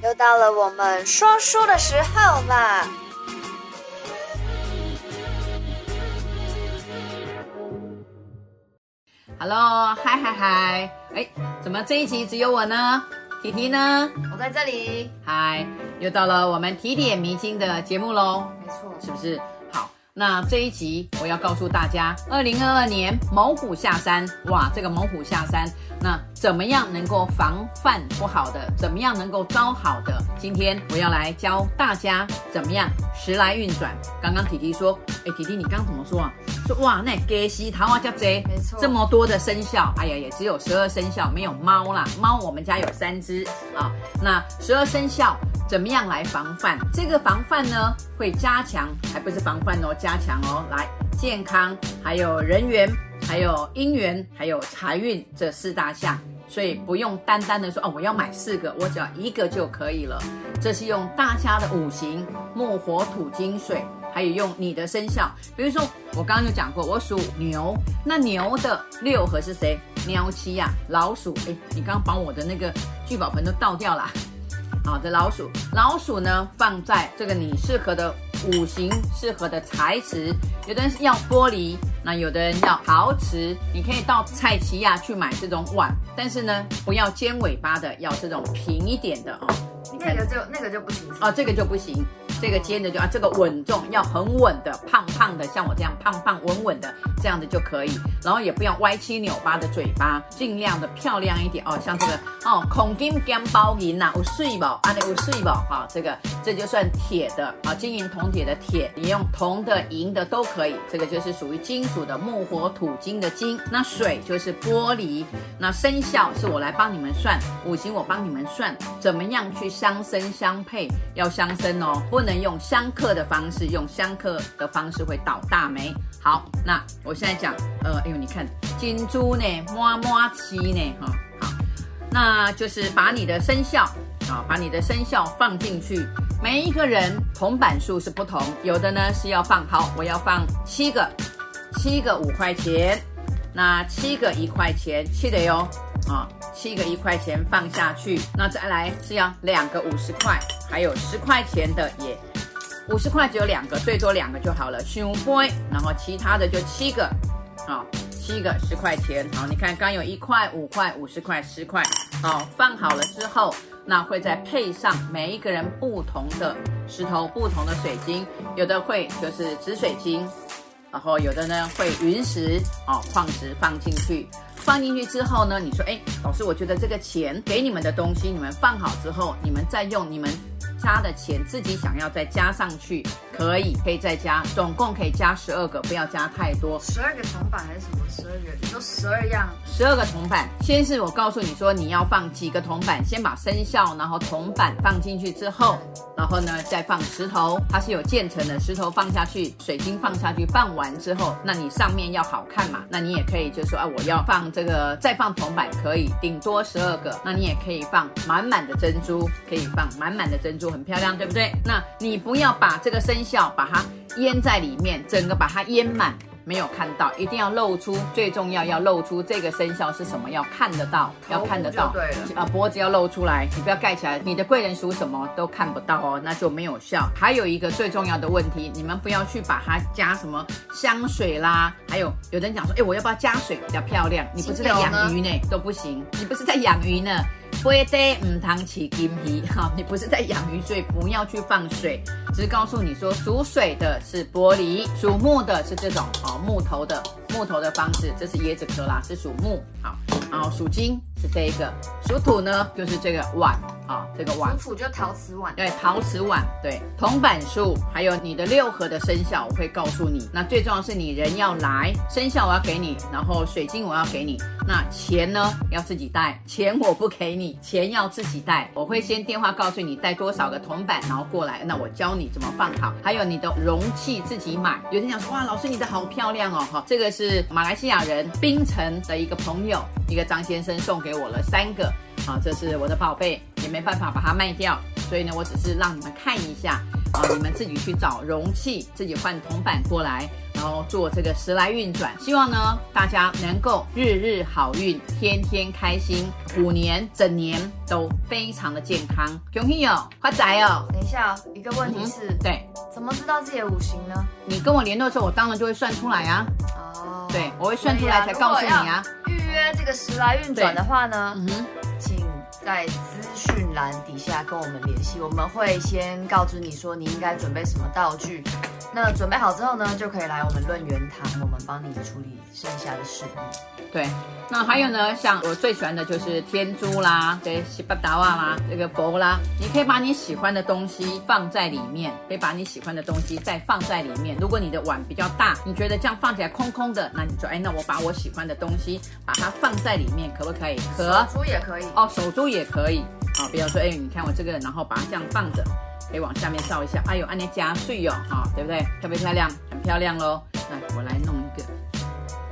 又到了我們說書的時候啦！Hello，嗨嗨嗨！哎，怎麼這一集只有我呢？緹緹呢？我在這裡。嗨，又到了我們緹點迷津的節目嘍。沒錯，是不是？那這一集我要告訴大家，二零二二年猛虎下山，哇，這個猛虎下山，那怎麼樣能夠防範不好的？怎麼樣能夠招好的？今天我要來教大家怎麼樣時來運轉。剛剛 TT 說，哎、欸、，TT 你剛怎麼說啊？說哇，那格西桃花、叫賊，沒錯，這麼多的生肖，哎呀，也只有十二生肖，沒有貓啦，貓我們家有三隻啊。那十二生肖。怎麼樣來防範？這個防範呢，會加強，還不是防範哦，加強哦。來，健康，還有人緣，還有姻緣，還有財運這四大項，所以不用單單的說哦，我要買四個，我只要一個就可以了。這是用大家的五行木、火、土、金、水，還有用你的生肖。比如說，我剛剛有講過，我屬牛，那牛的六合是誰？喵七呀、啊，老鼠。哎，你剛剛把我的那個聚寶盆都倒掉了。好，這老鼠，老鼠呢，放在這個你適合的五行、適合的材質，有的人要玻璃，那有的人要陶瓷，你可以到菜奇亞去買這種碗，但是呢，不要尖尾巴的，要這種平一點的哦。那個就，那個就不行啊。哦，這個就不行。這個尖的就啊，這個穩重，要很穩的，胖胖的，像我這樣胖胖穩穩的，這樣的就可以。然後也不要歪七扭八的嘴巴，盡量的漂亮一點哦。像這個哦，孔金金包銀吶，啊，我碎寶，啊，我碎寶哈，這個這就算鐵的啊，金銀銅鐵的鐵，你用銅的銀的都可以。這個就是屬於金屬的木火土金的金，那水就是玻璃。那生肖是我來幫你們算，五行我幫你們算，怎麼樣去相生相配？要相生哦，混能用相剋的方式，用相剋的方式會倒大霉。好，那我現在講，呃，哎呦，你看金豬呢，摸摸七呢，哈、哦，好，那就是把你的生肖啊、哦，把你的生肖放進去。每一個人銅板數是不同，有的呢是要放好，我要放七個，七個五塊錢，那七個一塊錢，記得喲。啊、哦，七個一塊錢放下去，那再來是要兩個五十塊，還有十塊錢的也，五十塊只有兩個，最多兩個就好了。熊輝，然後其他的就七個，啊、哦，七個十塊錢。好、哦，你看剛有一塊、五塊、五十塊、十塊，哦，放好了之後，那會再配上每一個人不同的石頭、不同的水晶，有的會就是紫水晶，然後有的呢會雲石、哦礦石放進去。放進去之後呢，你說，哎、欸，老師，我覺得這個錢給你們的東西，你們放好之後，你們再用你們家的錢自己想要再加上去。可以，可以再加，總共可以加十二個，不要加太多。十二個銅板還是什麼？十二個，你說十二樣，十二個銅板。先是我告訴你說，你要放幾個銅板，先把生肖，然後銅板放進去之後，然後呢再放石頭，它是有漸層的石頭放下去，水晶放下去，放完之後，那你上面要好看嘛？那你也可以就是說啊，我要放這個，再放銅板可以，頂多十二個，那你也可以放滿滿的珍珠，可以放滿滿的珍珠，很漂亮，對不對？那你不要把這個生肖效把它淹在裡面，整個把它淹滿，沒有看到，一定要露出，最重要要露出這個生肖是什麼，要看得到，要看得到，對了，啊脖子要露出來，你不要蓋起來，你的貴人屬什麼都看不到哦，那就沒有效。還有一個最重要的問題，你們不要去把它加什麼香水啦，還有有人講說，哎，我要不要加水比較漂亮？呢你不是在養魚呢，都不行，你不是在養魚呢。不得唔糖起金魚哈，你不是在養魚，所以不要去放水。只是告訴你說，屬水的是玻璃，屬木的是這種哦木頭的木頭的方式，這是椰子殼啦，是屬木好，然後屬金，是這一個屬土呢，就是這個碗啊，這個碗屬土，就陶瓷碗，對，陶瓷碗，對，銅板數還有你的六合的生肖，我會告訴你。那最重要是你人要來，生肖我要給你，然後水晶我要給你，那錢呢要自己帶，錢我不給你，錢要自己帶。我會先電話告訴你帶多少個銅板，然後過來，那我教你怎麼放好。還有你的容器自己買。有人想說哇，老師你的好漂亮哦，啊，這個是馬來西亞人檳城的一個朋友，一個張先生送給。給我了三個啊，這是我的寶貝，也沒辦法把它賣掉，所以呢，我只是讓你們看一下啊，你們自己去找容器，自己換銅板過來，然後做這個時來運轉。希望呢，大家能夠日日好運，天天開心，虎年整年都非常的健康。恭喜哦，發財哦！等一下，一個問題是、嗯、對，怎麼知道自己的五行呢？你跟我聯絡的時候，我當然就會算出來啊。哦、嗯，對我會算出來才告訴你啊。這個時來運轉的話呢，嗯在資訊欄底下跟我們聯繫，我們會先告知你說你應該準備什麼道具。那準備好之後呢，就可以來我們論園堂，我們幫你處理剩下的事務。對，那還有呢，像我最喜歡的就是天珠啦，對、啊，西巴達娃啦，這個佛啦，你可以把你喜歡的東西放在裡面，可以把你喜歡的東西再放在裡面。如果你的碗比較大，你覺得這樣放起來空空的，那你說，哎，那我把我喜歡的東西把它放在裡面，可不可以？可。手珠也可以。哦，手珠也。也可以啊、哦，比如說，哎，你看我這個，然後把它這樣放着，可以往下面照一下。哎呦，按你夾碎喲，哈、哦，對不對？漂不漂亮？很漂亮哦。來，我來弄一個。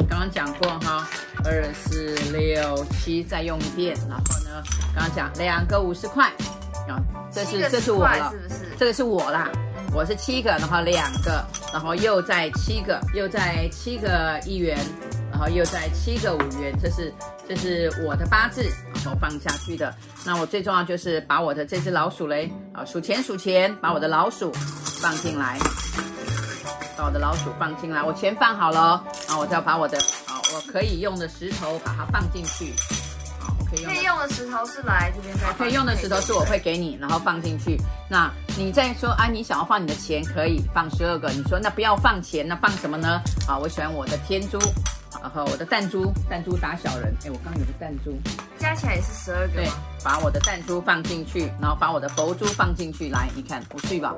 剛剛講過哈，二四六七再用一遍。然後呢，剛剛講兩個五十塊，然後這是這是我了，是不是？這個是我啦，我是七個，然後兩個，然後又在七個，又在七個一元。然後又在七個五元，這是這是我的八字，然後放下去的。那我最重要就是把我的這隻老鼠嘞啊，數錢數錢，把我的老鼠放進來，把我的老鼠放進來。我錢放好了，然後我就要把我的啊我可以用的石頭把它放進去好可以用的石頭是來這邊可以，可以用的石頭是我會給你，然後放進去。那你再說啊，你想要放你的錢可以放十二個，你說那不要放錢那放什麼呢？啊，我喜歡我的天珠。然後我的彈珠，彈珠打小人。哎，我剛有個彈珠，加起來也是十二個。對，把我的彈珠放進去，然後把我的佛珠放進去。來，你看，不、哦、睡吧，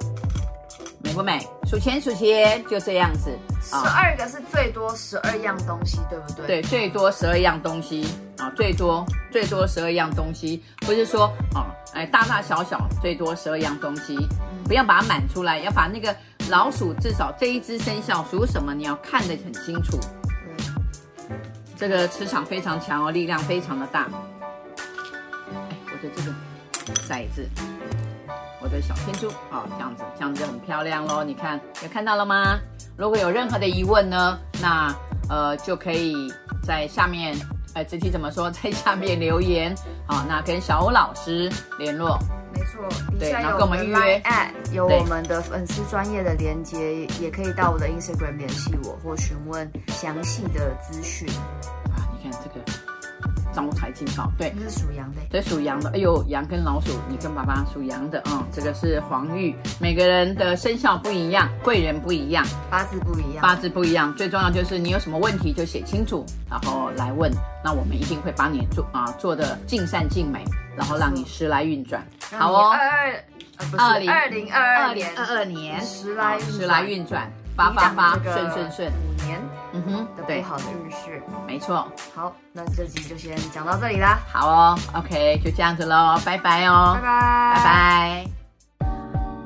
美不美？數錢數錢，就這樣子。十、哦、二個是最多十二樣東西，嗯、對不對？對，最多十二樣東西啊，最多最多十二樣東西，不是說啊、哦，哎，大大小小最多十二樣東西，嗯、不要把它滿出來，要把那個老鼠至少這一隻生肖屬什麼，你要看得很清楚。這個磁場非常強哦，力量非常的大。哎，我的這個骰子，我的小天珠啊，這樣子，這樣子就很漂亮咯。你看，有看到了嗎？如果有任何的疑問呢，那呃就可以在下面，呃具體怎麼說，在下面留言，好，那跟小歐老師聯絡。Oh, 對，然後跟我們預約，Ad, 有我們的粉絲專業的連接，對也可以到我的 Instagram 聯繫我，或詢問詳細的資訊。啊，你看這個。招財進寶，對，是屬羊的。對，屬羊的。哎呦，羊跟老鼠，你跟爸爸屬羊的啊、嗯。這個是黃玉，每個人的生肖不一樣，對貴人不一樣，八字不一樣，八字不一樣。最重要就是你有什麼問題就寫清楚，然後來問，嗯、那我們一定會幫你做啊，做得盡善盡美，然後讓你時來運轉。就是、好哦，二二、呃，二零二零二二年，二二年，時來時來運轉，發發發，八八八順順順，五年。嗯哼，對，好的日式，沒錯。好，那這集就先講到這裡啦。好哦，OK，就這樣子嘍，拜拜哦，拜拜拜拜。拜拜，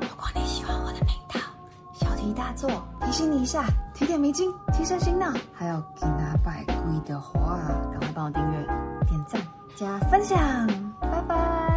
如果你喜歡我的頻道，小題大做提醒你一下，緹點迷津，提神醒腦，還有其拿百貴的話，趕快幫我訂閱、點讚、加分享，拜拜。